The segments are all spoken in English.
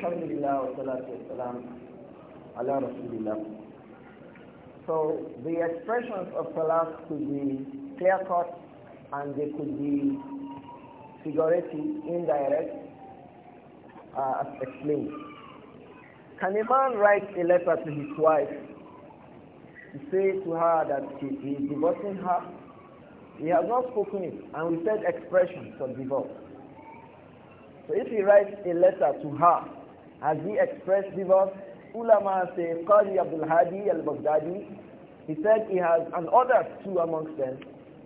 So the expressions of salat could be clear cut and they could be figurative, indirect, uh, as explained. Can a man write a letter to his wife to say to her that he is divorcing her? He has not spoken it and we said expressions of divorce. So if he writes a letter to her has he expressed divorce? Ulama say Qadi Abdul Hadi al-Baghdadi, he said he has, and others too amongst them,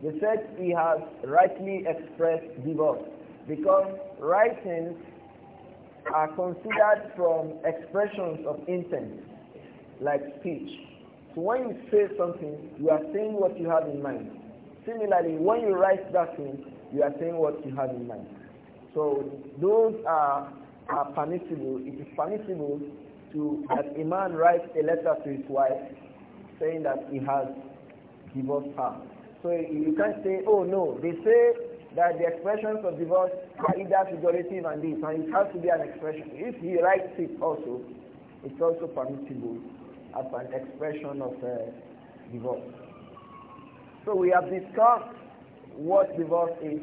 they said he has rightly expressed divorce because writings are considered from expressions of intent, like speech. So when you say something, you are saying what you have in mind. Similarly, when you write that thing, you are saying what you have in mind. So those are are permissible, it is permissible to that a man writes a letter to his wife saying that he has divorced her. So you can't say, oh no, they say that the expressions of divorce are either figurative and this, and it has to be an expression. If he writes it also, it's also permissible as an expression of uh, divorce. So we have discussed what divorce is,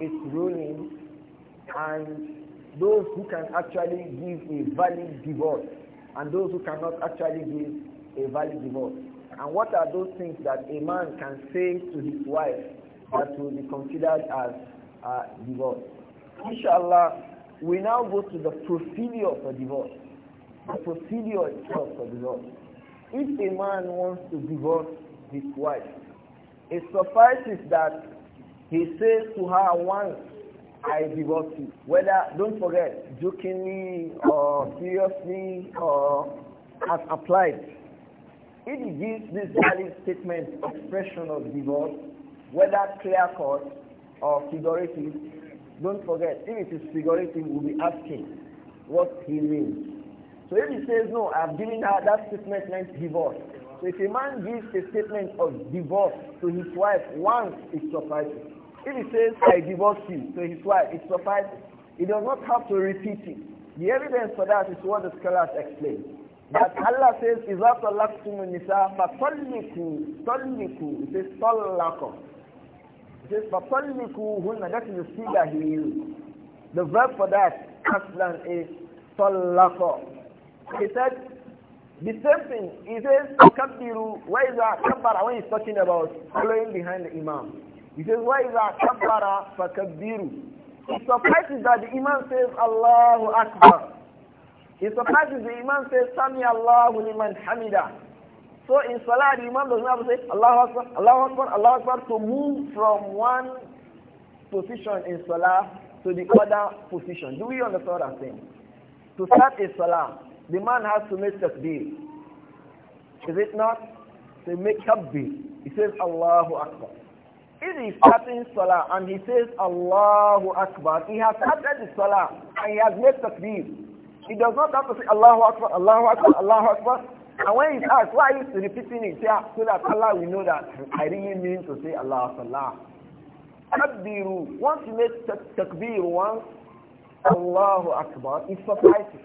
its ruling, and those who can actually give a valid divorce and those who cannot actually give a valid divorce. And what are those things that a man can say to his wife that will be considered as a uh, divorce? Inshallah, we now go to the procedure for divorce. The procedure itself for divorce. If a man wants to divorce his wife, it suffices that he says to her once I divorce you. Whether, don't forget, jokingly or seriously or as applied. It gives this valid statement expression of divorce, whether clear cut or figurative. Don't forget, if it is figurative, we'll be asking what he means. So if he says, no, I've given her that statement meant divorce. So if a man gives a statement of divorce to his wife once, it suffices. If he says, I divorce you to his wife, it suffices. He does not have to repeat it. The evidence for that is what the scholars explain. That Allah says, إِذَا طَلَّقْتُمُ النِّسَاءَ فَطَلِّقُوا طَلِّقُوا It says, طَلَّقَ It says, فَطَلِّقُوهُنَّ That is the figure he used. The verb for that, aslan, is طَلَّقَ He said, the same thing, he says, تَكَبِّرُوا Where is that? Kabbara, when he's talking about following behind the Imam. He says, why is our kabbara fakabiru? It surprises that the Imam says, Allahu Akbar. It surprises the Imam says, Sami Allahu liman hamida. So in Salah, the Imam does not have to say, Allahu Akbar, Allahu Akbar, Allahu Akbar, to move from one position in Salah to the other position. Do we understand what I'm saying? To start a Salah, the man has to make takbir. Is it not? To make takbir. He says, Allahu Akbar. If he is starting salah and he says Allahu Akbar, he has started the salah and he has made takbir. He does not have to say Allahu Akbar, Allahu Akbar, Allahu Akbar. And when he's asked, why are you repeating it? Yeah, so that Allah will know that I really mean to say Allah, Salah. Takbiru. Once you make takbir once, Allahu Akbar, it suffices.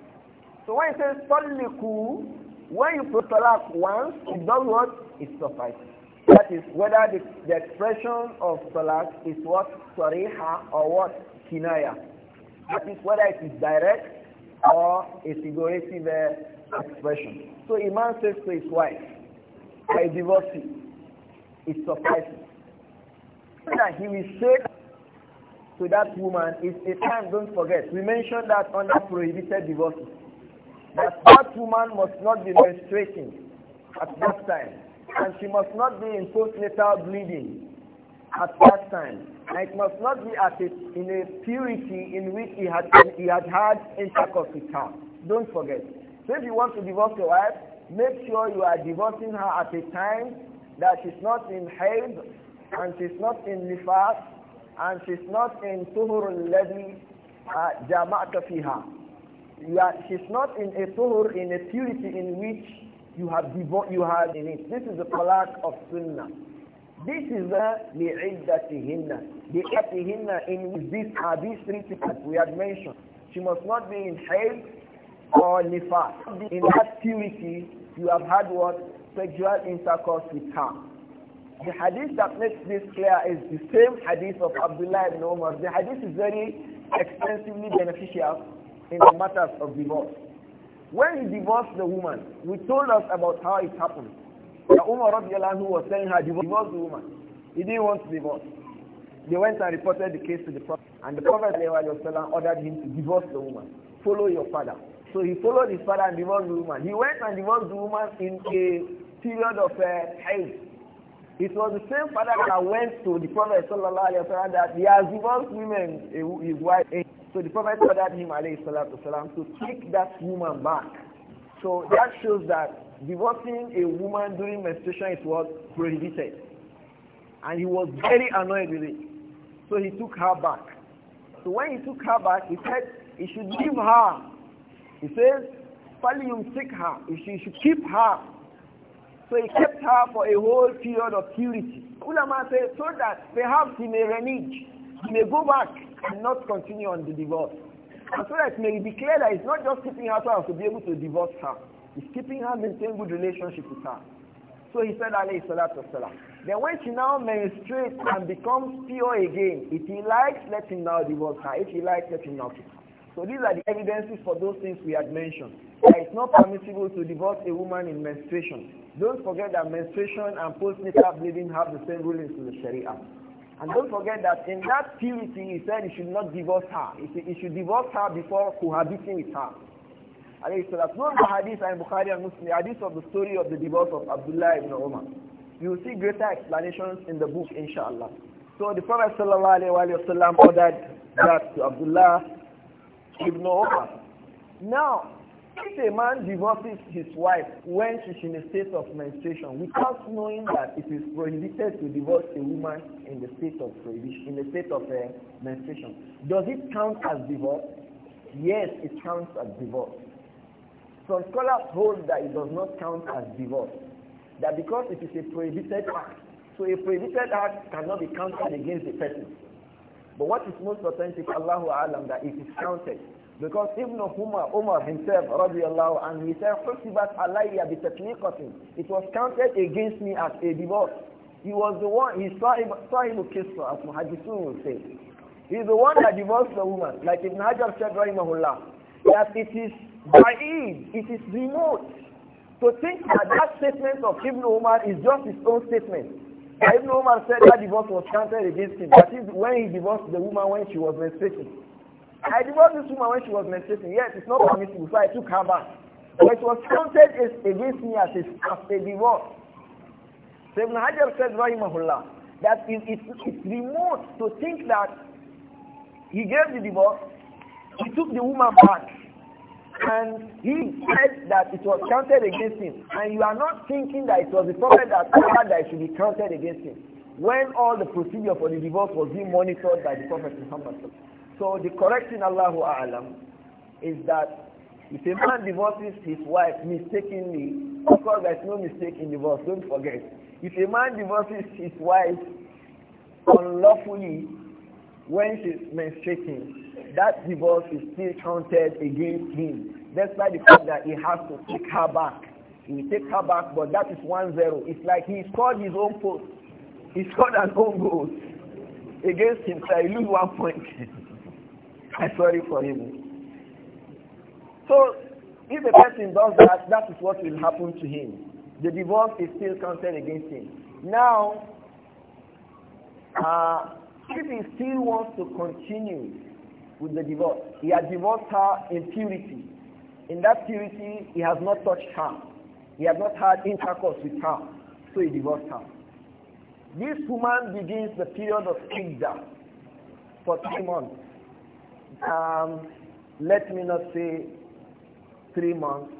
So when he says Salliku, when you put salah once, it does what? It suffices. That is whether the, the expression of salat is what sariha or what kinaya. That is whether it is direct or a figurative uh, expression. So a man says to his wife, I divorce you. It's suffices. that he will say to that woman is a time, don't forget, we mentioned that under prohibited divorces, that that woman must not be menstruating at that time and she must not be in postnatal bleeding at that time. And it must not be at it in a purity in which he had he had had intercourse with her. Don't forget. So if you want to divorce your wife, make sure you are divorcing her at a time that she's not in haid and she's not in nifas and she's not in tuhur al-ladhi uh, jama'ata fiha. She's not in a tuhur, in a purity in which you have devoted, you have in it. This is the salat of sunnah. This is the li'iddatihinna. The iddatihinna in which these are these three things we had mentioned. She must not be in hail or nifas. In that purity, you have had what? Sexual intercourse with her. The hadith that makes this clear is the same hadith of Abdullah ibn Umar. The hadith is very extensively beneficial in the matters of divorce. When he divorced the woman, we told us about how it happened. The Umar who was telling her, divorce the woman. He didn't want to divorce. They went and reported the case to the Prophet. And the Prophet ordered him to divorce the woman. Follow your father. So he followed his father and divorced the woman. He went and divorced the woman in a period of uh, hate. It was the same father that went to the Prophet sallallahu alaihi wasallam that he has divorced women, his wife. So the Prophet ordered him والسلام, to take that woman back. So that shows that divorcing a woman during menstruation is what prohibited. And he was very annoyed with it. So he took her back. So when he took her back, he said he should leave her. He says, Falium take her. He should keep her. So he kept her for a whole period of purity. Ulama said, so that perhaps he may renege. He may go back and not continue on the divorce. And so that may be clear that it's not just keeping her to to be able to divorce her. It's keeping her maintain good relationship with her. So he said, alayhi salatu wasalam. Then when she now menstruates and becomes pure again, if he likes, let him now divorce her. If he likes, let him now keep her. So these are the evidences for those things we had mentioned. That it's not permissible to divorce a woman in menstruation. Don't forget that menstruation and postnatal bleeding have the same rulings in the Sharia. And don't forget that in that purity, he said he should not divorce her. He should divorce her before cohabiting with her. Alayhi salatu. Not the hadiths in Bukhari and Muslim, the hadith of the story of the divorce of Abdullah ibn Umar. You will see greater explanations in the book, inshallah. So the Prophet sallallahu alayhi wa ordered that to Abdullah ibn Umar. Now, if a man divorces his wife when she's in a state of menstruation without knowing that it is prohibited to divorce a woman in the state of in the state of uh, menstruation, does it count as divorce? Yes, it counts as divorce. Some scholars hold that it does not count as divorce. That because it is a prohibited act, so a prohibited act cannot be counted against the person. But what is most authentic, Allahu Alam, that it is counted because Ibn Umar, Umar himself, radiallahu anhu, he said, had عَلَيَّ بِتَطْلِيقَةٍ It was counted against me as a divorce. He was the one, he him sahib kisra, as Muhajisun will say. He's the one that divorced the woman, like Ibn Hajar said, rahimahullah, that it is ba'id, it is remote. To so think that that statement of Ibn Umar is just his own statement. Ibn Umar said that divorce was counted against him. That is when he divorced the woman when she was menstruating. I divorced this woman when she was menstruating. Yes, it's not permissible, so I took her back. But it was counted against me as a, as a divorce. So Ibn Hajar said, Rahimahullah, that it, it, it's remote to think that he gave the divorce, he took the woman back, and he said that it was counted against him. And you are not thinking that it was the prophet that said that it should be counted against him. When all the procedure for the divorce was being monitored by the Prophet Muhammad. So the correction, Allah Allahu A'lam is that if a man divorces his wife mistakenly, of course there's no mistake in divorce, don't forget. If a man divorces his wife unlawfully when she's menstruating, that divorce is still counted against him. That's why the fact that he has to take her back. He will take her back, but that is one zero. It's like he scored his own post. He scored an own goal against himself. He lose one point. I am sorry for him. So if a person does that, that is what will happen to him. The divorce is still counted against him. Now, uh, if he still wants to continue with the divorce, he has divorced her in purity. In that purity, he has not touched her. He has not had intercourse with her. So he divorced her. This woman begins the period of kingdom for three months um, let me not say three months,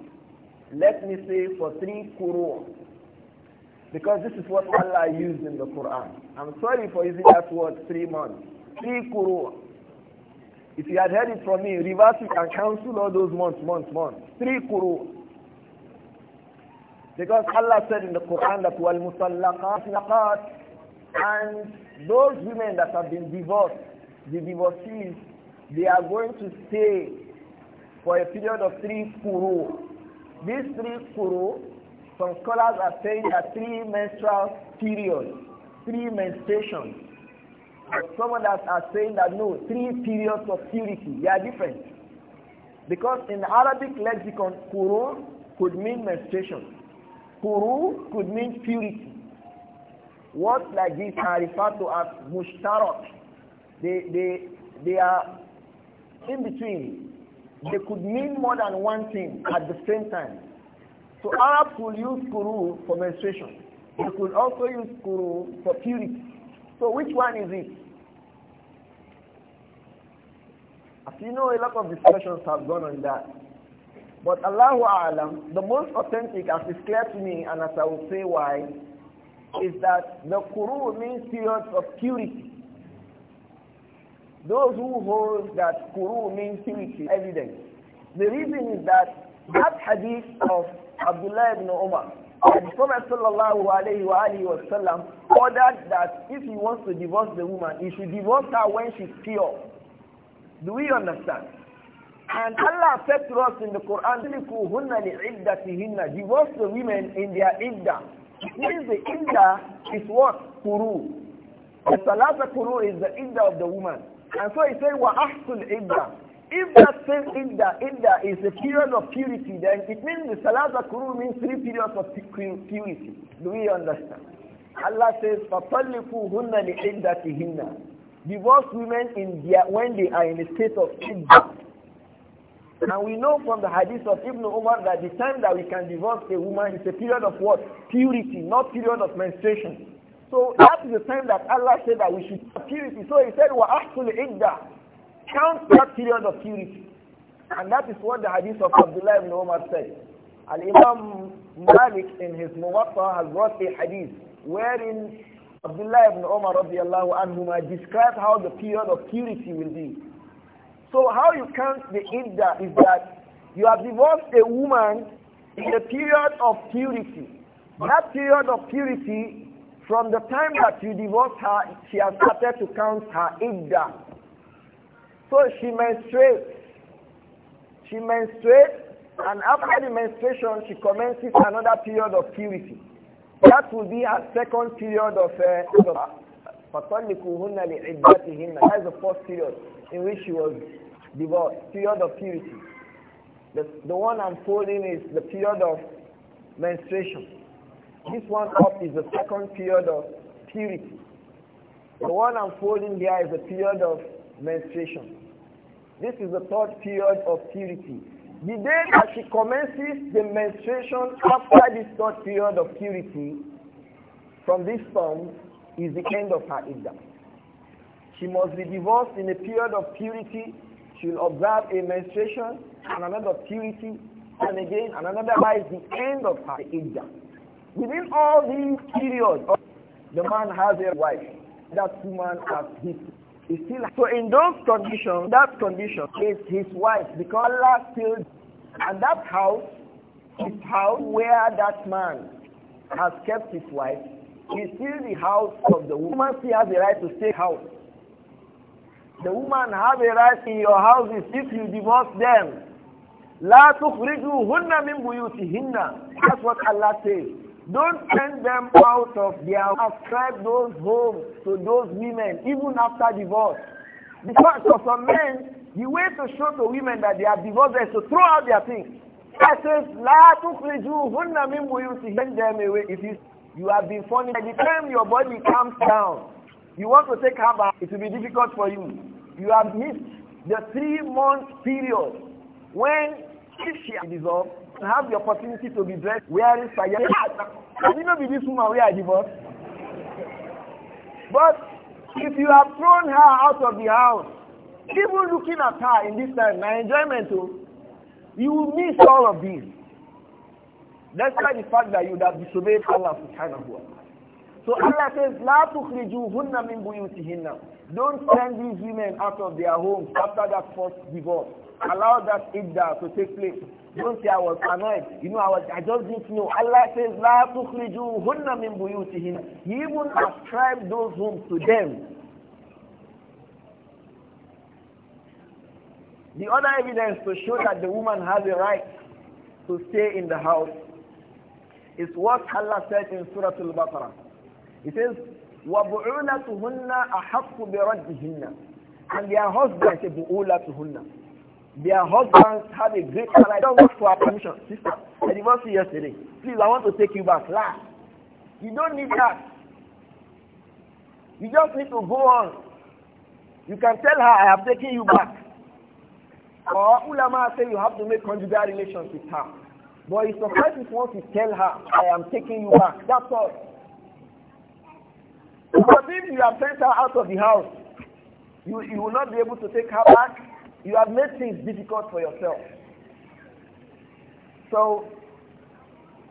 let me say for three qurun. Because this is what Allah used in the Quran. I'm sorry for using that word three months. Three qurun. If you had heard it from me, reverse it and cancel all those months, months, months. Three qurun. Because Allah said in the Quran that wal musallaqat and those women that have been divorced, the divorcees, they are going to stay for a period of three kuru. These three kuru, some scholars are saying that three menstrual periods, three menstruations. Some others are saying that no, three periods of purity. They are different. Because in Arabic lexicon, kuru could mean menstruation. Kuru could mean purity. Words like this are referred to as mushtarak. They, they, they are in between, they could mean more than one thing at the same time. So Arabs will use kuru for menstruation. They could also use kuru for purity. So which one is it? As you know, a lot of discussions have gone on that. But Allahu Alam, the most authentic, as is clear to me, and as I will say why, is that the kuru means periods of purity. Those who hold that kuru means purity, evidence. The reason is that that hadith of Abdullah ibn Umar, the Prophet sallallahu alayhi wa alayhi wa sallam ordered that if he wants to divorce the woman, he should divorce her when she's pure. Do we understand? And Allah said to us in the Quran, divorce the women in their idda. Means the idda is what? Kuru. The of kuru is the idda of the woman. And so he said, وَأَحْسُ الْإِبْدَةِ If that same idda, idda is a period of purity, then it means the Salata Kuru means three periods of purity. Do we understand? Allah says, فَطَلِّقُوهُنَّ لِعِدَّتِهِنَّ Divorce women in their, when they are in a state of idda. And we know from the hadith of Ibn Umar that the time that we can divorce a woman is a period of what? Purity, not period of menstruation. So that is the time that Allah said that we should purity. So he said, in that Count that period of purity. And that is what the hadith of Abdullah ibn Umar said. Al-Imam Malik in his Muwatta has brought a hadith wherein Abdullah ibn Umar radiallahu anhuma described how the period of purity will be. So how you count the idda is that you have divorced a woman in a period of purity. That period of purity from the time that you divorce her, she has started to count her idda. So she menstruates. She menstruates, and after the menstruation, she commences another period of purity. That will be her second period of uh, That is the first period in which she was divorced, period of purity. The, the one I'm folding is the period of menstruation. This one up is the second period of purity. The one I'm folding here is the period of menstruation. This is the third period of purity. The day that she commences the menstruation after this third period of purity, from this point is the end of her iddah. She must be divorced in a period of purity. She will observe a menstruation and another purity, and again, and another is the end of her iddah. Within all these periods, the man has a wife. That woman has his. He still so in those conditions, that condition is his wife because Allah still and that house is house where that man has kept his wife is still the house of the woman. She has the right to stay house. The woman have a right in your houses if you divorce them. لا تخرجوهن من بيوتهن. That's what Allah says. Don't send them out of their ascribe those homes to those women even after divorce. Because for some men, the way to show to women that they are divorced is to throw out their things. I says, La tukhrijuhunna min buyutihinna. Send them away. If you, you have been funny, by the time your body comes down, you want to take her back, it will be difficult for you. You have missed the three-month period when if she dissolves, have the opportunity to be dressed wearing sayat. Can you not be this woman wear a divorce? But if you have thrown her out of the house, even looking at her in this time, my enjoyment, too, oh, you will miss all of this. That's why the fact that you have disobeyed Allah subhanahu wa So Allah says, La tukhrijuhunna min buyutihinna. Don't send these women out of their homes after that first divorce. Allow that iddah to take place. Don't say I was annoyed. You know, I was I just didn't know. Allah says, La tukhriju min buyutihim. He will ascribe those homes to them. The other evidence to show that the woman has a right to stay in the house is what Allah said in Surah Al-Baqarah. He says, وَبُعُولَتُهُنَّ أَحَقُّ بِرَدِّهِنَّ And their husbands, بُعُولَتُهُنَّ their husbands have a great I Don't want for our permission, sister. I divorced you yesterday. Please, I want to take you back. Last. You don't need that. You just need to go on. You can tell her, I have taken you back. Or ulama say you have to make conjugal relations with her. But it's suffice if want is tell her, I am taking you back. That's all. Because if you have sent her out of the house, you, you will not be able to take her back you have made things difficult for yourself. So,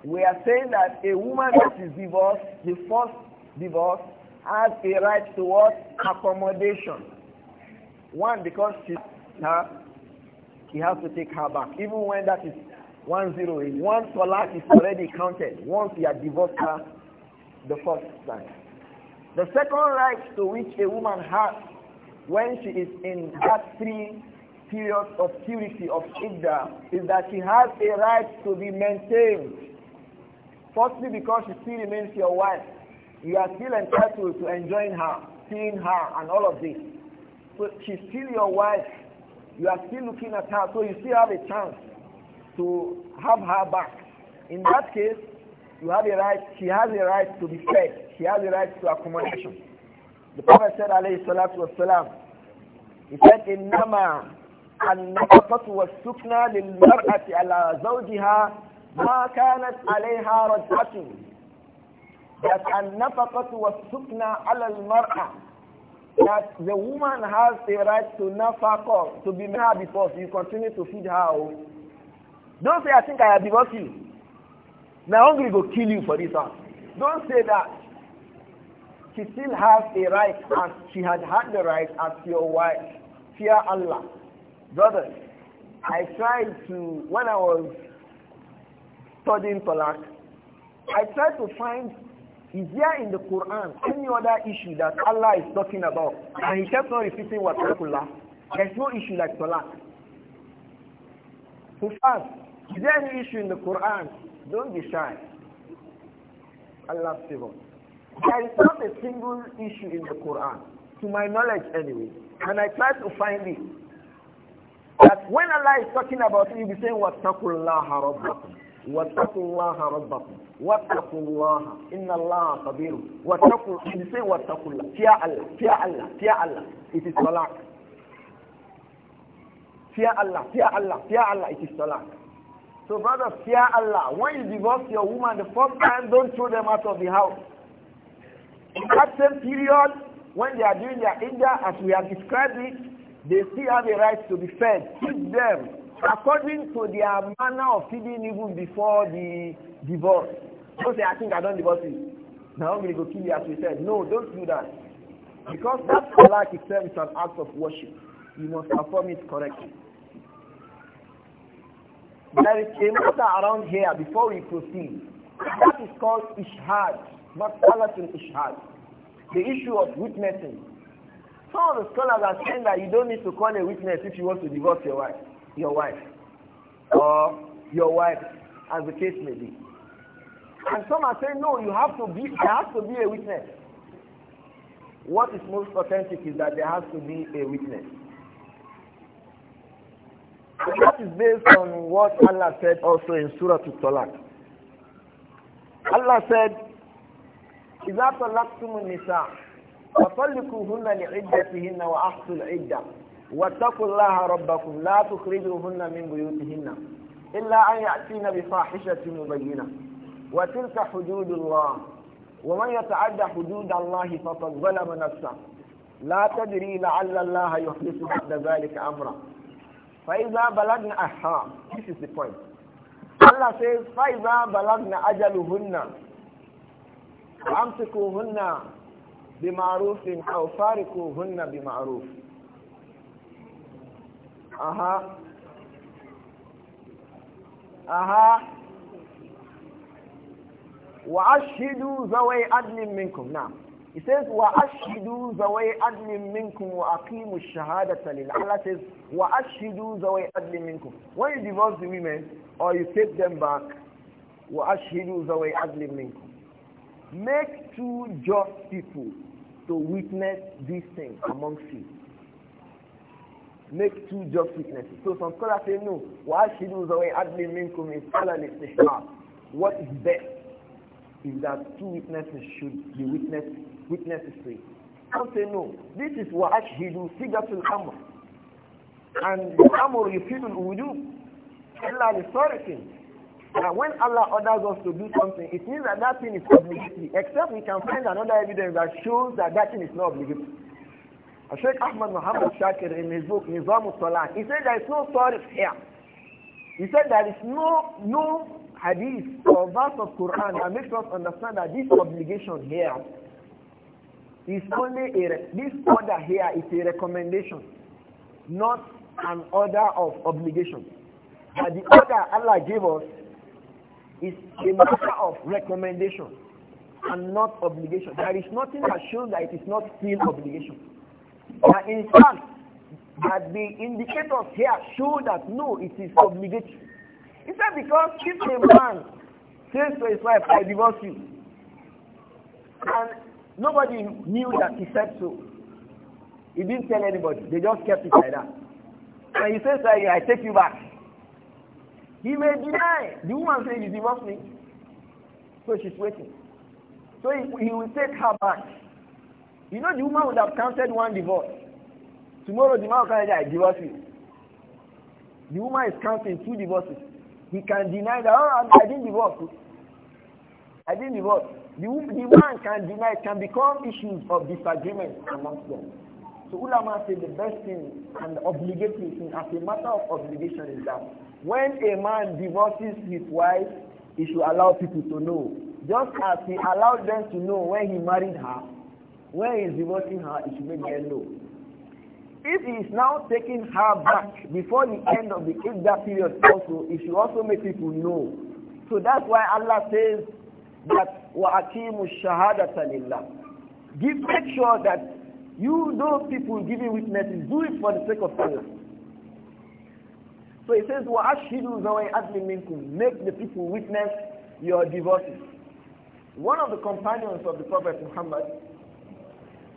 we are saying that a woman that is divorced, the first divorce, has a right to what? Accommodation. One, because she, her, he has to take her back. Even when that is one one talak is already counted once he had divorced her the first time. The second right to which a woman has when she is in that three period of purity of Idda is that she has a right to be maintained. Firstly, because she still remains your wife. You are still entitled to enjoying her, seeing her, and all of this. So she's still your wife. You are still looking at her, so you still have a chance to have her back. In that case, you have a right, she has a right to be fed. She has a right to accommodation. The Prophet said, alayhi salatu salam." he said, nama." النقطة والسكنى للمرأة على زوجها ما كانت عليها رجعة that النفقة والسكنى على المرأة that the woman has a right to nafaqah to be married before you continue to feed her oh. don't say I think I have divorced you now hungry go kill you for this one don't say that she still has a right as she had had the right as your wife fear Allah Brothers, I tried to, when I was studying Talak, I tried to find, is there in the Quran any other issue that Allah is talking about? And he kept on repeating what Takullah. There's no issue like Talak. So fast, is there any issue in the Quran? Don't be shy. Allah save us. There is not a single issue in the Quran, to my knowledge anyway. And I tried to find it. That when Allah is talking about you, you'll be saying, وَاتَّقُوا اللَّهَ رَبَّكُمْ وَاتَّقُوا اللَّهَ رَبَّكُمْ وَاتَّقُوا اللَّهَ إِنَّ اللَّهَ خَبِيرٌ وَاتَّقُوا You'll be saying, وَاتَّقُوا اللَّهَ Fear Allah, fear Allah, fear Allah. It is talaq. Fear Allah, fear Allah, fear Allah. It is talaq. So brother, fear Allah. When you divorce your woman the first time, don't throw them out of the house. In that same period, when they are doing their iddah, as we have described it, they still have a right to be fed. Feed them according to their manner of feeding even before the divorce. Don't say, I think I don't divorce you. Now I'm going to go kill you as we said. No, don't do that. Because that like itself is an act of worship. You must perform it correctly. There is a matter around here before we proceed. That is called ishhad, not salat in ishhad. The issue of witnessing. Some of the scholars are saying that you don't need to call a witness if you want to divorce your wife, your wife, or your wife, as the case may be. And some are saying, no, you have to be, there has to be a witness. What is most authentic is that there has to be a witness. And that is based on what Allah said also in Surah Al-Talaq. Allah said, إذا طلقتم النساء وطلقوهن لعدتهن وأحصوا العدة واتقوا الله ربكم لا تخرجوهن من بيوتهن إلا أن يأتين بفاحشة مبينة وتلك حدود الله ومن يتعدى حدود الله فقد ظلم نفسه لا تدري لعل الله يحدث بعد ذلك أمرا فإذا بلغنا اها this is the point Allah says فإذا بلغنا أجلهن وأمسكوهن بمعروف أو فارقوهن بمعروف أها أها وأشهدوا ذوي عدل منكم نعم He says وأشهدوا ذوي عدل منكم وأقيموا الشهادة لله says وأشهدوا ذوي عدل منكم When you divorce the women or you take them back وأشهدوا ذوي عدل منكم Make two just people to witness these things amongst you. Make two just witnesses. So some scholars say no. Why should you away adli minkum is What is best is that two witnesses should be witness witnesses three. Some say no. This is what ashidu to amr. And the amr you wudu illa li now, when Allah orders us to do something, it means that that thing is obligatory, except we can find another evidence that shows that that thing is not obligatory. Sheikh Ahmad Muhammad Shakir in his book Nizam al he said there is no tarif here. He said there is no no hadith or verse of Quran that makes us understand that this obligation here is only a this order here is a recommendation, not an order of obligation. But the order Allah gave us is a matter of recommendation and not obligation. There is nothing that shows that it is not still obligation. But in fact, that the indicators here show that no, it is obligatory. It's not because if a man says to his wife, I divorce you, and nobody knew that he said so, he didn't tell anybody. They just kept it like that. And he says, I, I take you back. He may deny. The woman says you divorce me. So she's waiting. So he, he will take her back. You know, the woman would have counted one divorce. Tomorrow, the man will say I divorce you. The woman is counting two divorces. He can deny that, oh, I didn't divorce. I didn't divorce. The, the man can deny, it can become issues of disagreement amongst them. So ulama say the best thing and obligatory thing as a matter of obligation is that when a man divorces his wife, he should allow people to know. Just as he allowed them to know when he married her, when he is divorcing her, he should make them know. If he is now taking her back before the end of the Idda period also, he should also make people know. So that's why Allah says that وَأَقِيمُ الشَّهَادَةَ لِلَّهِ Give, make sure that you, those people giving witnesses, do it for the sake of Allah. So it says, وَأَشْهِدُوا ذَوَيْ أَدْلٍ to Make the people witness your divorces." One of the companions of the Prophet Muhammad,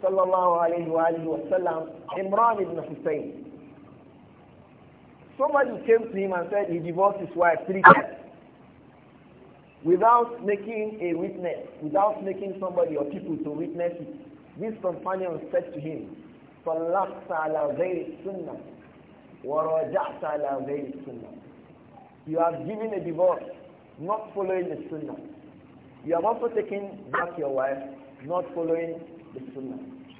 sallallahu alaihi wa Imran ibn Hussein. Somebody came to him and said he divorced his wife three times without making a witness, without making somebody or people to witness it. This companion said to him, فَلَّقْتَ عَلَى غَيْرِ السُّنَّةِ وَرَجَعْتَ عَلَى غَيْرِ You have given a divorce, not following the sunnah. You have also taken back your wife, not following the sunnah.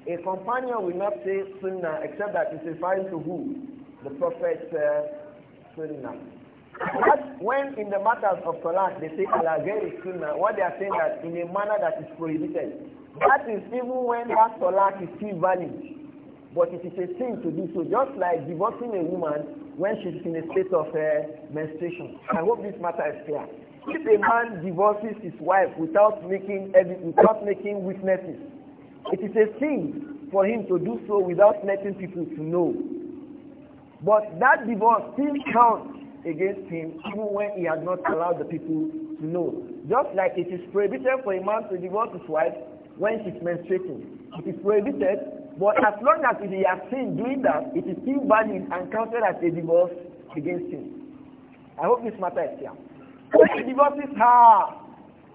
A companion will not say sunnah except that it's referring to who? The Prophet uh, sunnah. But when in the matters of talaq they say ala ghayri sunnah, what they are saying that in a manner that is prohibited. That is even when that talaq is still valid. But it is a sin to do so, just like divorcing a woman when she is in a state of uh, menstruation. I hope this matter is clear. If a man divorces his wife without making without making witnesses, it is a sin for him to do so without letting people to know. But that divorce still counts against him even when he has not allowed the people to know. Just like it is prohibited for a man to divorce his wife when she is menstruating. It is prohibited but as long as he has seen doing that, it is still valid and counted as a divorce against him. I hope this matter is clear. When he divorces her,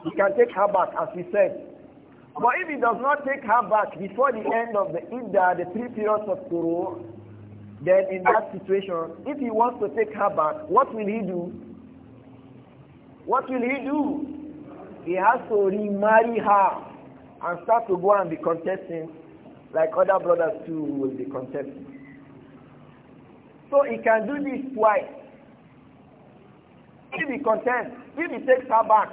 he can take her back, as we said. But if he does not take her back before the end of the Ida, the three periods of Kuru, then in that situation, if he wants to take her back, what will he do? What will he do? He has to remarry her and start to go and be contesting like other brothers too will be contesting. So he can do this twice. If he content, if he takes her back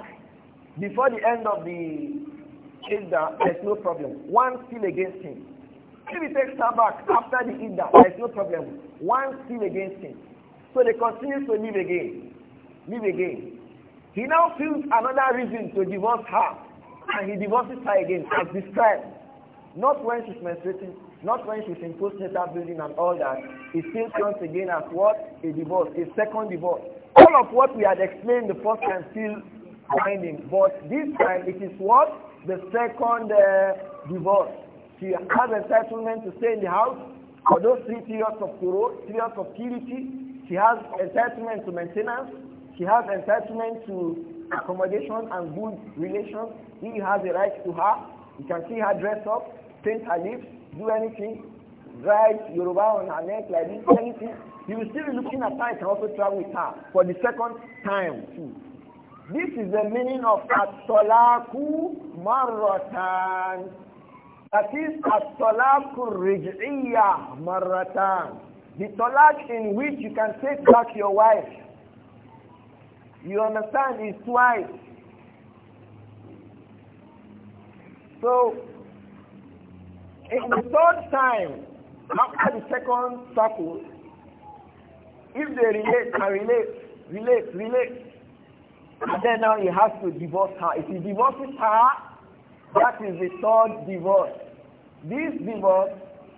before the end of the Idda, there's no problem. One still against him. If he takes her back after the Idda, there's no problem. One still against him. So they continue to live again. Live again. He now feels another reason to divorce her. And he divorces her again, as described. Not when she's menstruating, not when she's in postnatal bleeding and all that. It still comes again as what? A divorce, a second divorce. All of what we had explained the first time still binding, but this time it is what? The second uh, divorce. She has entitlement to stay in the house for those three periods of kuro, years of purity. She has entitlement to maintenance. She has entitlement to accommodation and good relations. He has a right to her. You can see her dress up paint her lips, do anything, write Yoruba on her neck like this, anything. He will still be looking at her and can also travel with her for the second time too. This is the meaning of at maratan, That is at-talaku maratan. The talak in which you can take back your wife. You understand? Is twice. So in the third time, after the second circle, if they relate can relate, relate, relate, and then now he has to divorce her. If he divorces her, that is the third divorce. This divorce,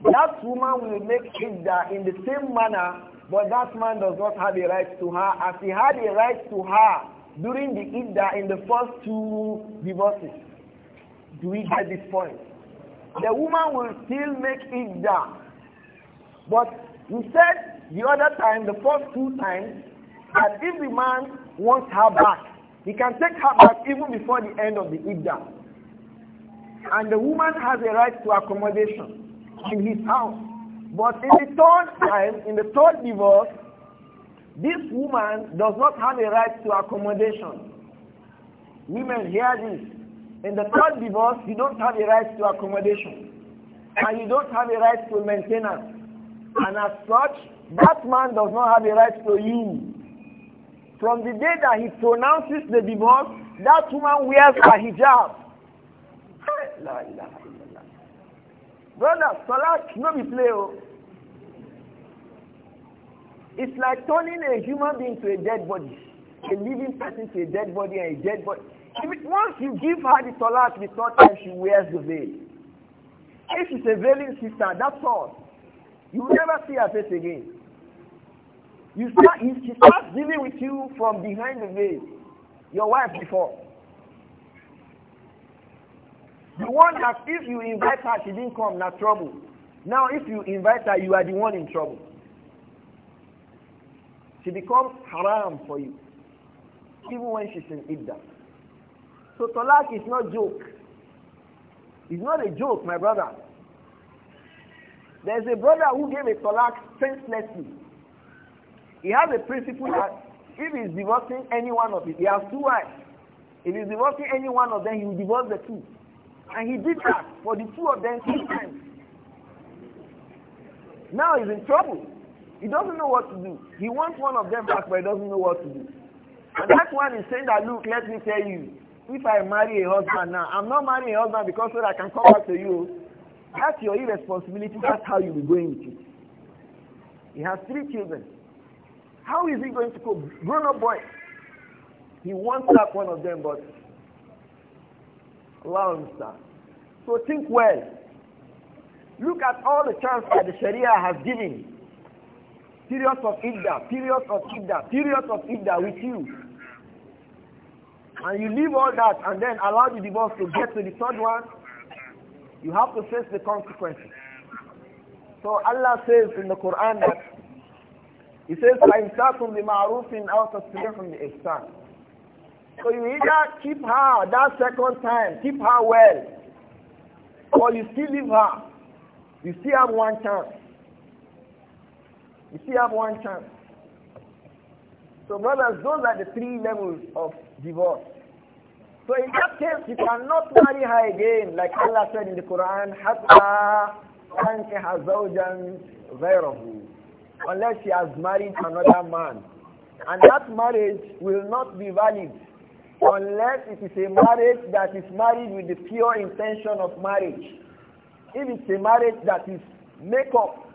that woman will make Idda in the same manner, but that man does not have a right to her as he had a right to her during the Idda in the first two divorces. Do we get this point? the woman will still make it down. But he said the other time, the first two times, that if the man wants her back, he can take her back even before the end of the iddah. And the woman has a right to accommodation in his house. But in the third time, in the third divorce, this woman does not have a right to accommodation. Women, hear this. In the third divorce, you don't have a right to accommodation. And you don't have a right to maintenance. And as such, that man does not have a right to you. From the day that he pronounces the divorce, that woman wears a hijab. Brother, Salat, no be play. Oh. It's like turning a human being to a dead body, a living person to a dead body and a dead body. It, once you give her the tolerance, the third time she wears the veil. If she's a veiling sister, that's all. You will never see her face again. You start, she starts dealing with you from behind the veil, your wife before. The one that if you invite her, she didn't come, not trouble. Now if you invite her, you are the one in trouble. She becomes haram for you, even when she's in Iddah. So talak is not joke. It's not a joke, my brother. There's a brother who gave a talak senselessly. He has a principle that if he's divorcing any one of it, he has two wives. If he's divorcing any one of them, he will divorce the two. And he did that for the two of them three times. Now he's in trouble. He doesn't know what to do. He wants one of them back, but he doesn't know what to do. And that one is saying that, look, let me tell you, if I marry a husband now, I'm not marrying a husband because so that I can come back to you. That's your irresponsibility. That's how you'll be going with it. He has three children. How is he going to cope? Grown up boy. He wants that one of them, but allow him to So think well. Look at all the chance that the Sharia has given. Periods of Idda, periods of Idda, periods of Idda with you and you leave all that and then allow the divorce to get to the third one, you have to face the consequences. So Allah says in the Quran that He says, فَإِمْسَاكُمْ بِمَعْرُوفٍ أَوْ the بِإِحْسَانٍ So you either keep her that second time, keep her well, or you still leave her. You still have one chance. You still have one chance. So brothers, those are the three levels of divorce. So in that case, you cannot marry her again, like Allah said in the Quran, Unless she has married another man. And that marriage will not be valid unless it is a marriage that is married with the pure intention of marriage. If it's a marriage that is make up,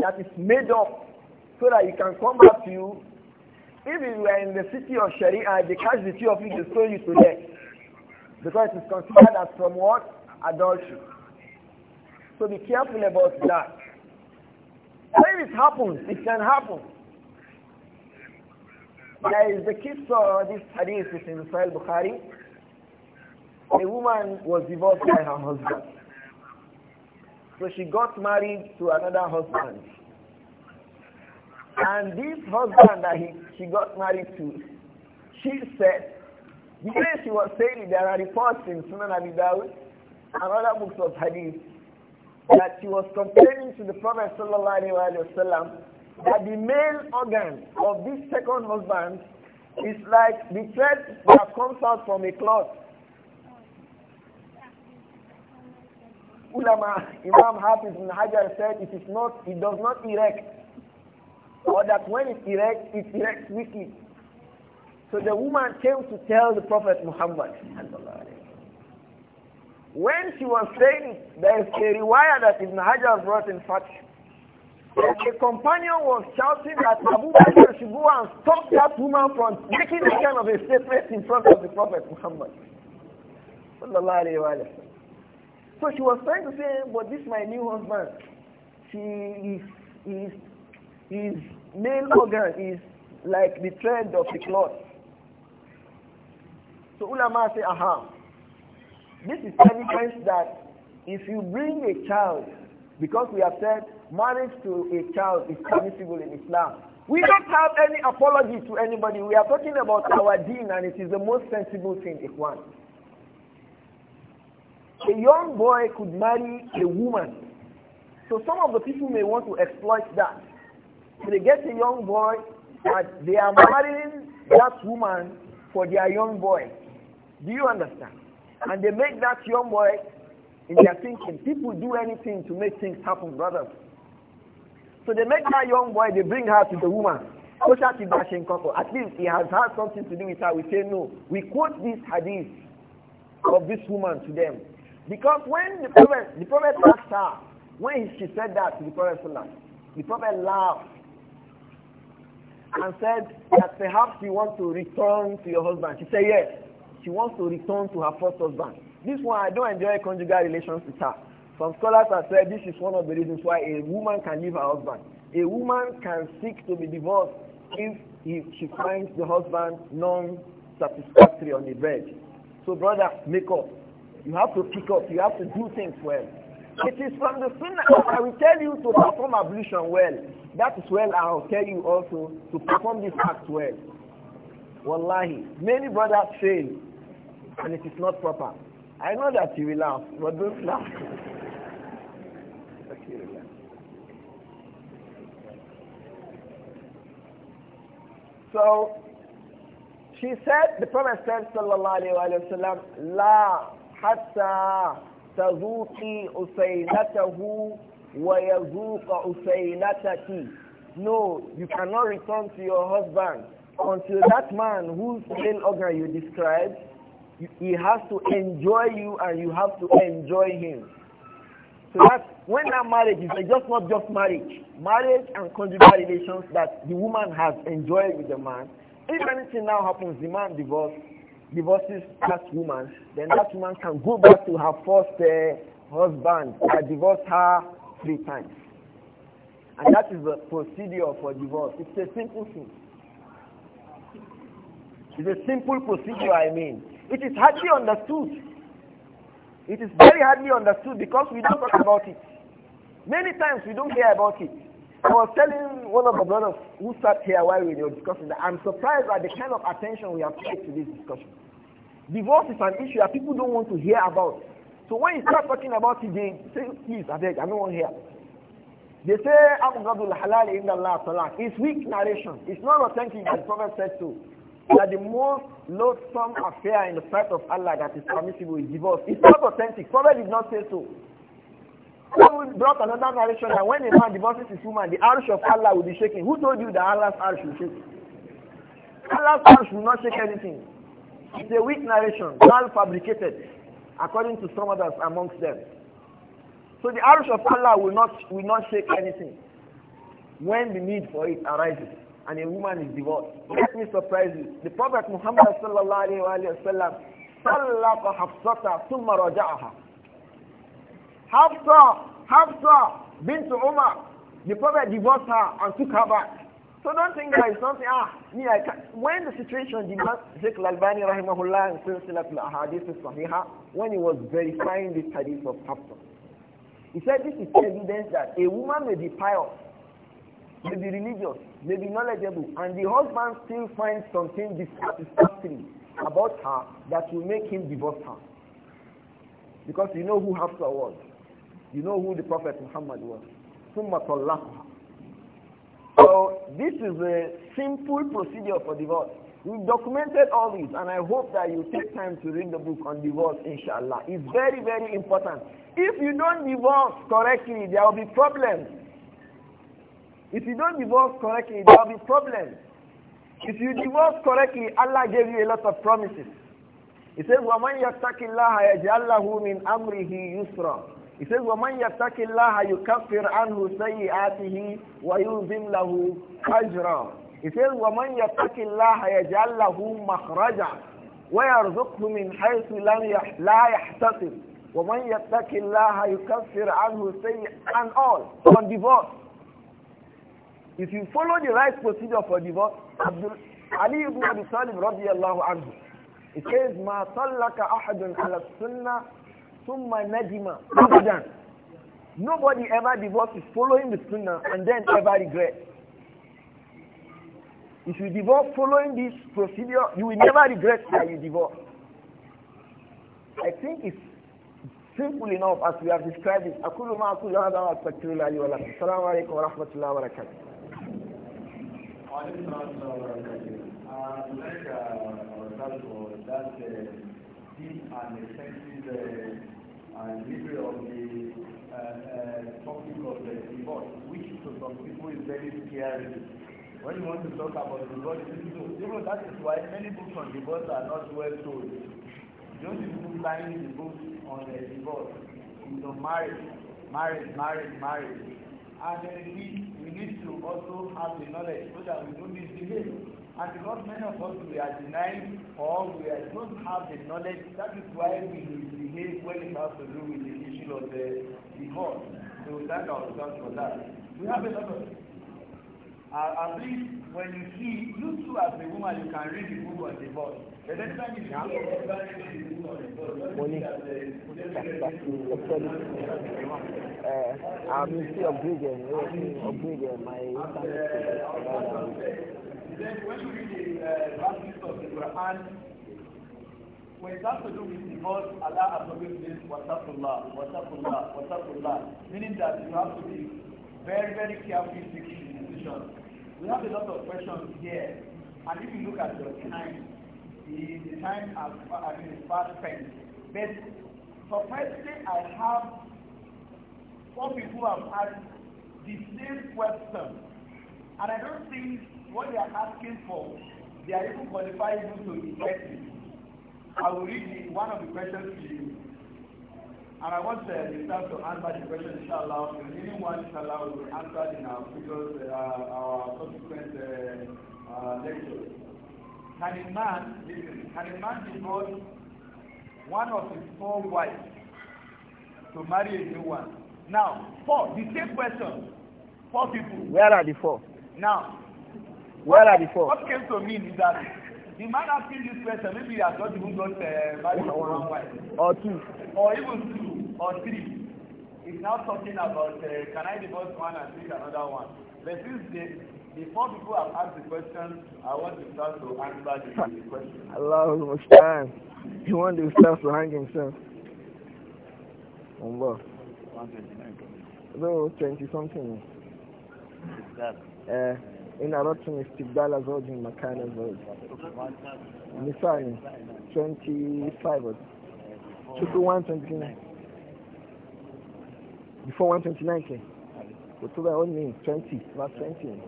that is made up, so that he can come back to you if you were in the city of Sharia, they catch the two of you, they throw you to death. Because it is considered as from what? Adultery. So be careful about that. When it happens, it can happen. There is the case of this hadith is in Sahih Bukhari. A woman was divorced by her husband. So she got married to another husband. And this husband that he, she got married to, she said, the way she was saying it, there are reports in Sunan Abi Dawud and other books of hadith that she was complaining to the Prophet wasallam that the male organ of this second husband is like the thread that comes out from a cloth. Ulama Imam Hafiz bin Hajar said it is not, it does not erect or that when it erects, it erects weakly. So the woman came to tell the Prophet Muhammad. When she was saying there is a rewire that Ibn Hajar brought in fact. A companion was shouting that Abu Bakr should go and stop that woman from making this kind of a statement in front of the Prophet Muhammad. So she was trying to say, but this is my new husband. She is, he is his main organ is like the thread of the cloth. So ulama say, aha, this is evidence that if you bring a child, because we have said marriage to a child is permissible in Islam. We don't have any apology to anybody. We are talking about our deen and it is the most sensible thing, if one. A young boy could marry a woman. So some of the people may want to exploit that. So they get a young boy that they are marrying that woman for their young boy. Do you understand? And they make that young boy in their thinking. People do anything to make things happen, brothers. So they make that young boy, they bring her to the woman. At least he has had something to do with her. We say no. We quote this hadith of this woman to them. Because when the Prophet, the Prophet asked her, when she said that to the Prophet, the Prophet laughed and said that perhaps you want to return to your husband. She said yes. She wants to return to her first husband. This one, I don't enjoy conjugal relations with her. Some scholars have said this is one of the reasons why a woman can leave her husband. A woman can seek to be divorced if, if she finds the husband non-satisfactory on the bed. So brother, make up. You have to pick up. You have to do things well. It is from the sin I will tell you to perform ablution well. That is when I'll tell you also to perform this act well. Wallahi, many brothers fail and it is not proper. I know that you will laugh, but don't laugh. so she said, the Prophet said, sallallahu alayhi wa sallam, La hatta tazuki usaylatahu وَيَذُوقَ عُسَيْلَتَكِ No, you cannot return to your husband until that man whose male organ you described, he has to enjoy you and you have to enjoy him. So that when that marriage is just not just marriage, marriage and conjugal relations that the woman has enjoyed with the man. If anything now happens, the man divorces, divorces that woman, then that woman can go back to her first uh, husband that divorced her three times. And that is the procedure for divorce. It's a simple thing. It's a simple procedure, I mean. It is hardly understood. It is very hardly understood because we don't talk about it. Many times we don't hear about it. I was telling one of the brothers who sat here while we were discussing that I'm surprised at the kind of attention we have paid to this discussion. Divorce is an issue that people don't want to hear about. So when you start talking about it, they say, please, I beg, I don't want to hear. They say, Abgadul halal in Allah talaq. It's weak narration. It's not authentic as the Prophet said so. That the most loathsome affair in the sight of Allah that is permissible is divorce. It's not authentic. Prophet did not say so. we brought another narration that when a man divorces his woman, the arsh of Allah will be shaking. Who told you that Allah's arch will shake? Allah's arsh will not shake anything. It's a weak narration, well fabricated according to some others amongst them. So the Irish of Allah will not, will not shake anything when the need for it arises and a woman is divorced. Let me surprise you. The Prophet Muhammad sallallahu alayhi wa sallam طلق حفصة ثم رجعها حفصة حفصة بنت عمر the prophet divorced her and took her back so don't think that it's something, ah, me, I can When the situation demands, Sheikh rahimahullah, and Silsilat al-Ahadith al-Sahiha, when he was verifying this hadith of Hafsa, he said this is evidence that a woman may be pious, may be religious, may be knowledgeable, and the husband still finds something dissatisfactory about her that will make him divorce her. Because you know who Hafsa was. You know who the Prophet Muhammad was. Summa so this is a simple procedure for divorce. we documented all this and I hope that you take time to read the book on divorce inshallah. It's very, very important. If you don't divorce correctly, there will be problems. If you don't divorce correctly, there will be problems. If you divorce correctly, Allah gave you a lot of promises. He says, وَمَنْ يَتَّقِ اللَّهَ يَجْعَلْ لَهُ مِنْ أَمْرِهِ يُسْرًا He says, وَمَنْ يَتَّكِ اللَّهَ يُكَفِّرْ عَنْهُ سَيِّئَاتِهِ وَيُنْزِمْ لَهُ أَجْرًا He says, وَمَنْ يَتَّكِ اللَّهَ يَجْعَلْ لَهُ مَخْرَجًا وَيَرْزُقْهُ مِنْ حَيْثُ لَا يَحْتَسِبُ وَمَنْ يَتَّكِ اللَّهَ يُكَفِّرْ عَنْهُ سَيِّئَاتِهِ And all, on divorce. If you follow the right procedure for divorce, Abdul Ali ibn Abi Talib radiyallahu anhu, it says, مَا طَلَّكَ أَحَدٌ عَلَى السُّنَّةِ summa nadima abadan nobody ever divorces following the sunnah and then ever regret. if you divorce following this procedure you will never regret that you divorce i think it's simple enough as we have described it akulu ma akulu hada wa astaghfirullahi wa lakum assalamu alaikum wa rahmatullahi wa barakatuh uh, like uh, that, uh, that uh, deep and extensive uh, and delivery of the uh, uh, topic of the divorce, which to some people is very scary. When you want to talk about divorce, even that is why many books on divorce are not well told. Don't you put lying in the books on the uh, divorce, you know, marriage, marriage, marriage, marriage. And then we, we need to also have the knowledge so that we don't misbehave. And because many of us we are denying or we are, don't have the knowledge, that is why we behave when it has to do with the issue of the divorce. So we thank ourselves for that. We have a lot of uh, at least when you see, you too as a woman, you can read the book on divorce. next time you have read the book on divorce, Morning. Actually, uh, I'm still upgrading, upgrading my uh, internet. Then when you read the verses uh, of the Quran, when it has to do with divorce, Allah has always said, Wasafullah, Wasafullah, Wasafullah, meaning that you have to be very, very careful in taking decisions. We have a lot of questions here, and if you look at your time, the, the time has, I mean, is fast spent. But surprisingly, I have four people who have asked the same question and I don't think what they are asking for, they are even qualified even to invest it. I will read the, one of the questions to you. And I want uh, the staff to answer the question, inshallah. The remaining one, inshallah, will be answered in our previous, uh, our subsequent uh, uh, Can a man, can a man divorce one of his four wives to marry a new one? Now, four, the same question. Four people. Where are the four? Now, where are the four? What came to me is that the man asking this question, maybe he has not even got uh, married or one wife. Or two. Or even two or three. He's now talking about uh, can I divorce one and take another one? But since the, the four people have asked the question, I want to start to answer the, the question. Allah was time. He want to start to hang himself. On 129. No, 20 something. Is that? إن أردتم استبدال زوج مكان زوج مثال 25 شكو 129 before 129 came October only 20 verse 20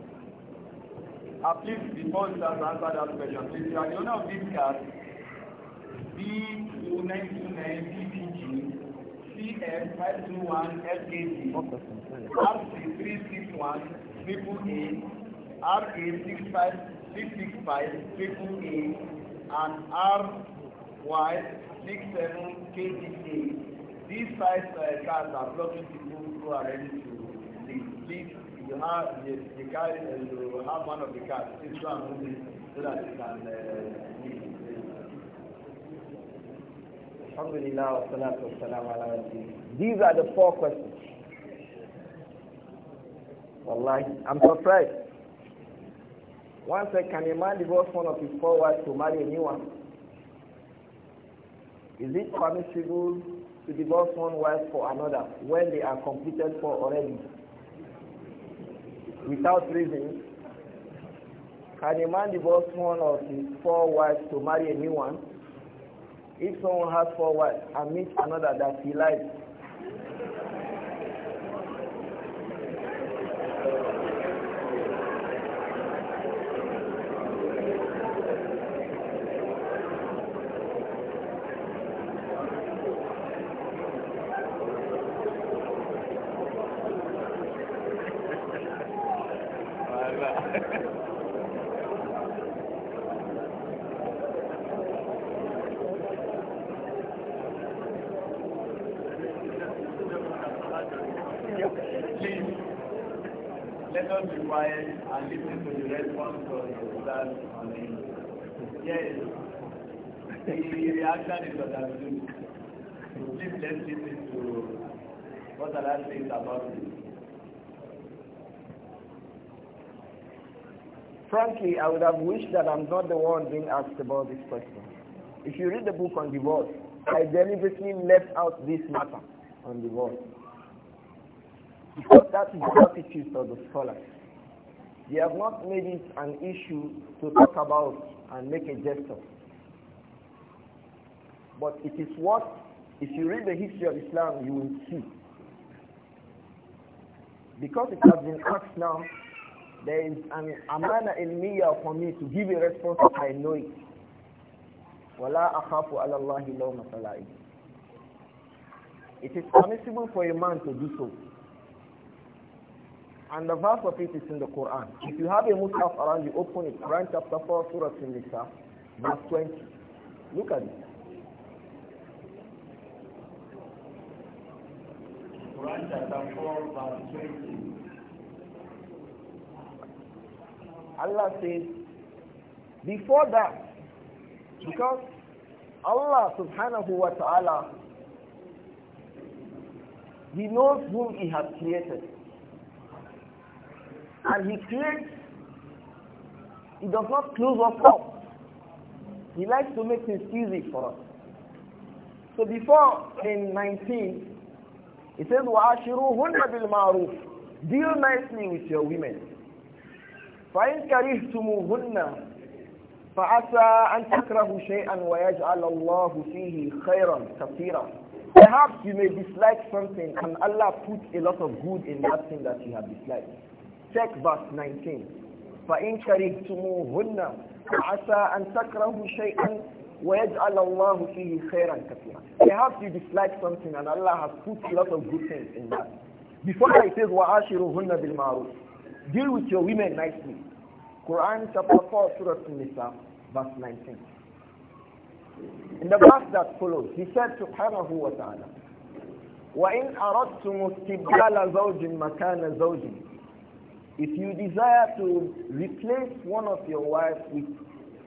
I please before you start answer that question please the owner of this card B299 BPG CF521 SKG RC361 triple A, RA six five six six five triple A, and RY six seven K These five uh, cars are blocking people who are ready to leave. Please, you have the, the car, uh, you have one of the cars, please go and move it so that you can uh, leave. These are the four questions. Wallahi, I'm surprised. Once a can a man divorce one of his four wives to marry a new one? Is it permissible to divorce one wife for another when they are completed for already? Without reason, can a man divorce one of his four wives to marry a new one? If someone has four wives and meets another that he likes, the reaction is to what about Frankly, I would have wished that I'm not the one being asked about this question. If you read the book on divorce, I deliberately left out this matter on divorce. Because that is the attitude of the scholars. They have not made it an issue to talk about and make a gesture, But it is what, if you read the history of Islam, you will see. Because it has been asked now, there is an amana ilmiya for me to give a response if I know it. وَلَا أَخَافُ عَلَى اللَّهِ لَوْمَ It is permissible for a man to do so. And the verse of it is in the Quran. If you have a mushaf around you, open it. Quran chapter 4, Surah al nisa verse 20. Look at it. Quran chapter 4, verse 20. Allah says, before that, because Allah subhanahu wa ta'ala, He knows whom He has created. And he creates, he does not close us up. He likes to make things easy for us. So before in 19, he says, وَعَشِرُوهُنَّ بِالْمَعْرُوفِ Deal nicely with your women. فَإِنْ كَرِهْتُمُوهُنَّ فعسى أن shay'an wa yaj'al Allah fihi خيرا كثيرا Perhaps you may dislike something and Allah put a lot of good in that thing that you have disliked. Check verse 19. فَإِن كَرِهْتُمُوهُنَّ عَسَىٰ أَن تَكْرَهُوا شَيْئًا وَيَجْعَلَ اللَّهُ فِيهِ خَيْرًا كَثِيرًا Perhaps you dislike something and Allah has put a lot of good things in that. Before I say, says وَعَاشِرُهُنَّ بِالْمَعْرُوفِ Deal with your women nicely. Quran chapter 4 Surah an verse 19. In the verse that follows, he said subhanahu wa ta'ala, وَإِنْ أَرَدْتُمُ اسْتِبْدَالَ زَوْجٍ مَكَانَ زَوْجٍ if you desire to replace one of your wives with,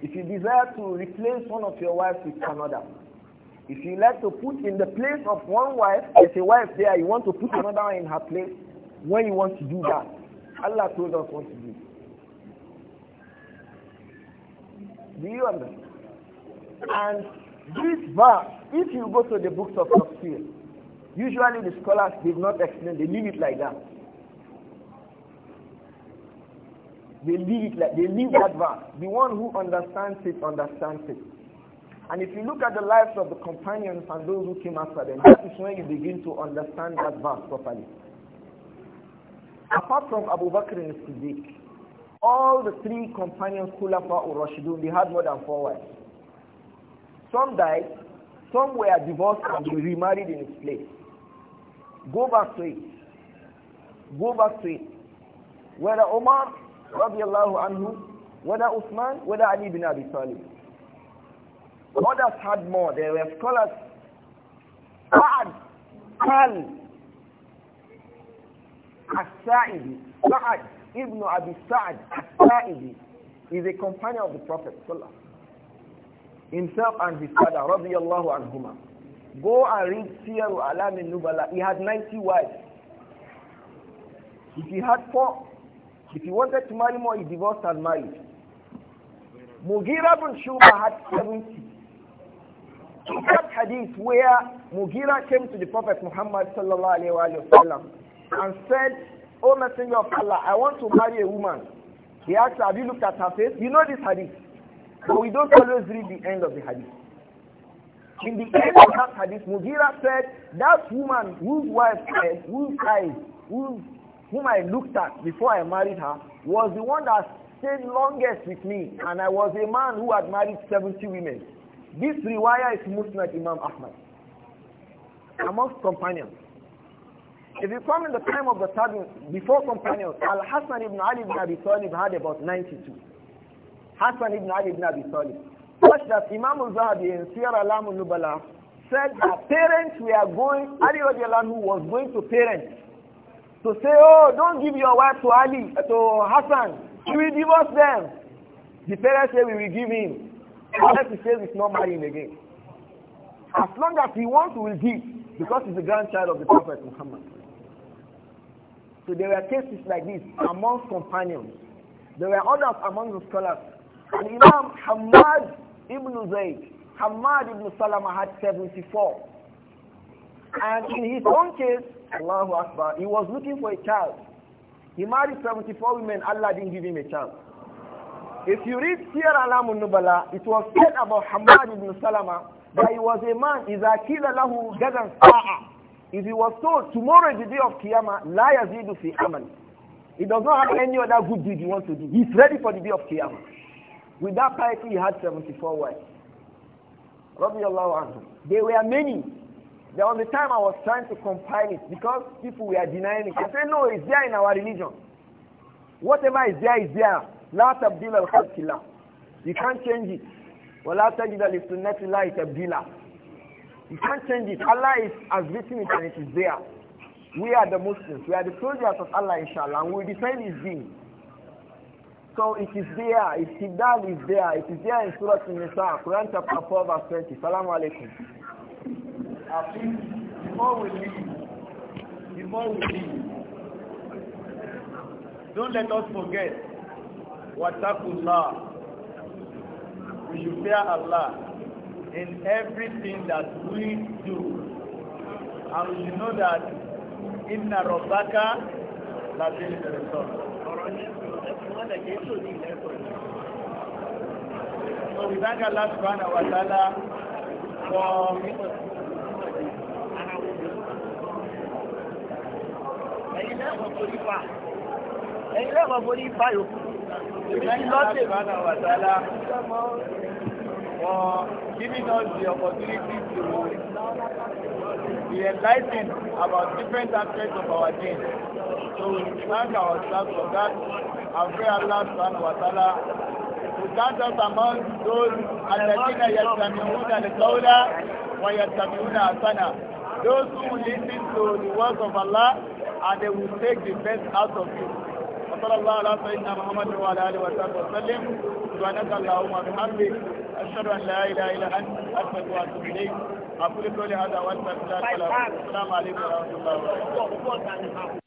if you desire to replace one of your wives with another, if you like to put in the place of one wife, there's a wife there, you want to put another in her place, when you want to do that, Allah told us what to do. Do you understand? And this verse, if you go to the books of Tafsir, usually the scholars did not explain, they leave it like that. They live it like they live that verse. The one who understands it understands it. And if you look at the lives of the companions and those who came after them, that is when you begin to understand that verse properly. Apart from Abu Bakr and Siddiq, all the three companions, Khulafa or Rashidun, they had more than four wives. Some died, some were divorced and they remarried in its place. Go back to it. Go back to it. Whether Omar radiallahu anhu, whether Uthman, whether Ali bin Abi Talib. Others had more. There were scholars. Sa'ad, Kal, As-Sa'idi, Sa'ad, Ibn Abi Sa'ad, As-Sa'idi, is a companion of the Prophet himself and his father radiyallahu anhuma go and read Siyar Alam al-Nubala he had 90 wives if he had four if he wanted to marry more, he divorced and married. Mughira bin Shuba had 70. that hadith where Mughira came to the Prophet Muhammad sallallahu and said, O Messenger of Allah, I want to marry a woman. He asked, have you looked at her face? You know this hadith. But we don't always read the end of the hadith. In the end of that hadith, Mughira said, that woman whose wife, uh, whose eyes, whose whom I looked at before I married her was the one that stayed longest with me and I was a man who had married 70 women. This riwayah is like Imam Ahmad amongst companions. If you come in the time of the Tabi'un, before companions, Al-Hassan ibn Ali ibn Abi Talib had about 92. Hassan ibn Ali ibn Abi Talib. Such that Imam al-Zahabi in Sierra Alam al-Nubala said that parents were going, Ali radiallahu was going to parents to say, oh, don't give your wife to Ali, to Hassan. He will divorce them. The parents say, we will give him. Unless he says he's not marrying again. As long as he wants, we will give. Because he's the grandchild of the Prophet Muhammad. So there were cases like this amongst companions. There were others among the scholars. And Imam Hamad ibn Zayd, Hamad ibn Salama had 74. And in his own case, Allahu Akbar. He was looking for a child. He married 74 women. Allah didn't give him a child. If you read Sir Alam Nubala, it was said about Hamad ibn Salama that he was a man, إِذَا كِيلَ لَهُ غَدًا سَاعًا If he was told, tomorrow is the day of Qiyamah, لَا يَزِيدُ فِي أَمَلِ He does not have any other good deed he wants to do. He's ready for the day of Qiyamah. With that piety, he had 74 wives. رضي الله عنهم. They were many. The only time I was trying to compile it because people were denying it. I said, no, it's there in our religion. Whatever is there is there. La tabdil al khalqillah. You can't change it. Well, وَلَا تَجِدَ لِسُنَّةِ اللَّهِ تَبْدِيلًا You can't change it. Allah is, has written it and it is there. We are the Muslims. We are the soldiers of Allah, inshallah, and we defend His deen. So it is there. Istidal is there. It is there in Surah An-Nisa, Quran chapter 4, verse 20. Salaam alaikum. at least before we leave, before we leave, don't let us forget Watakullah. We should fear Allah in everything that we do. And we should know that Inna Rabbaka Latin So we thank Allah subhanahu wa ta'ala for ẹ̀yin lẹ́ẹ̀mọ̀ borí fà ẹ̀yin yòókù ẹ̀yin lọ́sẹ̀ bá wà sálá for giving us the opportunity to be enlightened about different aspects of our day. So we thank ourselves for that and pray Allah subhanahu wa ta'ala to count us among those الذين يستمعون القول ويتبعون أحسنه. Those who listen to the words of Allah and they will take the best out of you. وصلى الله على سيدنا محمد وعلى اله وصحبه وسلم سبحانك اللهم وبحمدك اشهد ان لا اله الا انت استغفرك واتوب اليك اقول قولي هذا واستغفر الله السلام عليكم ورحمه الله وبركاته